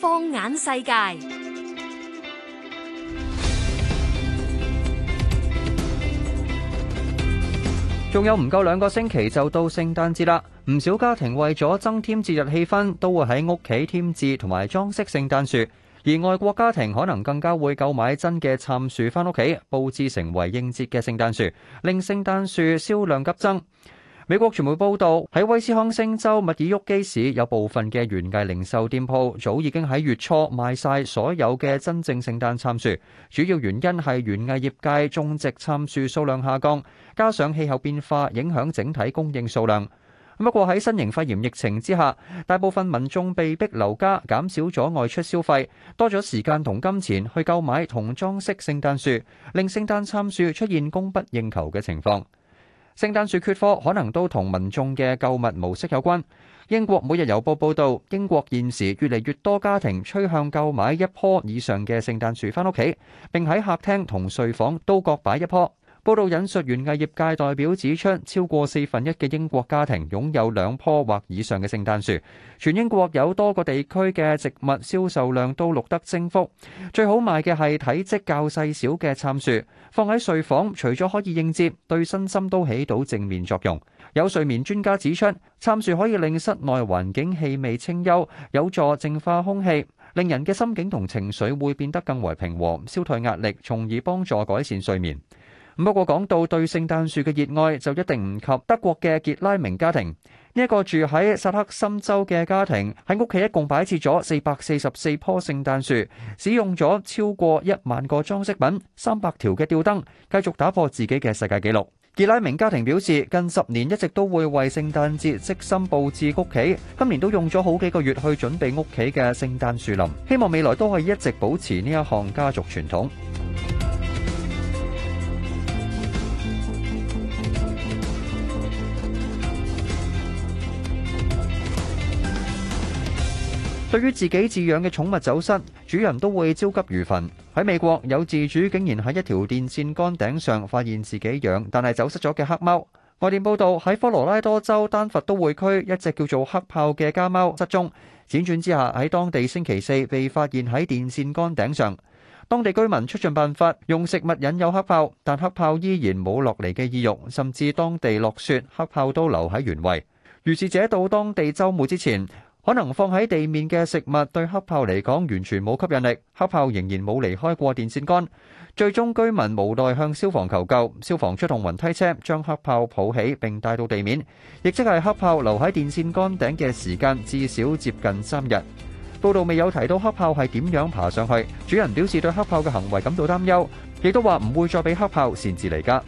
放眼世界，仲有唔夠兩個星期就到聖誕節啦。唔少家庭為咗增添節日氣氛，都會喺屋企添置同埋裝飾聖誕樹。而外國家庭可能更加會購買真嘅杉樹返屋企布置，成為應節嘅聖誕樹，令聖誕樹銷量急增。美國傳媒報道，喺威斯康星州密爾沃基市有部分嘅園藝零售店鋪早已經喺月初賣晒所有嘅真正聖誕杉樹，主要原因係園藝業界種植杉樹數量下降，加上氣候變化影響整體供應數量。咁不過喺新型肺炎疫情之下，大部分民眾被逼留家，減少咗外出消費，多咗時間同金錢去購買同裝飾聖誕樹，令聖誕杉樹出現供不應求嘅情況。聖誕樹缺貨，可能都同民眾嘅購物模式有關。英國每日郵報報導，英國現時越嚟越多家庭趨向購買一棵以上嘅聖誕樹返屋企，並喺客廳同睡房都各擺一棵。報道引述園藝業界代表指出，超過四分一嘅英國家庭擁有兩棵或以上嘅聖誕樹。全英國有多個地區嘅植物銷售量都錄得升幅。最好賣嘅係體積較細小嘅杉樹，放喺睡房，除咗可以應接，對身心都起到正面作用。有睡眠專家指出，杉樹可以令室內環境氣味清幽，有助淨化空氣，令人嘅心境同情緒會變得更為平和，消退壓力，從而幫助改善睡眠。不過講到對聖誕樹嘅熱愛，就一定唔及德國嘅傑拉明家庭。呢一個住喺薩克森州嘅家庭喺屋企一共擺設咗四百四十四棵聖誕樹，使用咗超過一萬個裝飾品、三百條嘅吊燈，繼續打破自己嘅世界紀錄。傑拉明家庭表示，近十年一直都會為聖誕節悉心佈置屋企，今年都用咗好幾個月去準備屋企嘅聖誕樹林，希望未來都可以一直保持呢一項家族傳統。對於自己飼養嘅寵物走失，主人都會焦急如焚。喺美國，有自主竟然喺一條電線杆頂上發現自己養但係走失咗嘅黑貓。外電報道，喺科羅拉多州丹佛都會區，一隻叫做黑豹嘅家貓失蹤，輾轉之下喺當地星期四被發現喺電線杆頂上。當地居民出盡辦法，用食物引誘黑豹，但黑豹依然冇落嚟嘅意欲。甚至當地落雪，黑豹都留喺原位。如是者，到當地週末之前。可能放喺地面嘅食物對黑豹嚟講完全冇吸引力，黑豹仍然冇離開過電線桿。最終居民無奈向消防求救，消防出動雲梯車將黑豹抱起並帶到地面。亦即係黑豹留喺電線桿頂嘅時間至少接近三日。報道未有提到黑豹係點樣爬上去。主人表示對黑豹嘅行為感到擔憂，亦都話唔會再俾黑豹擅自離家。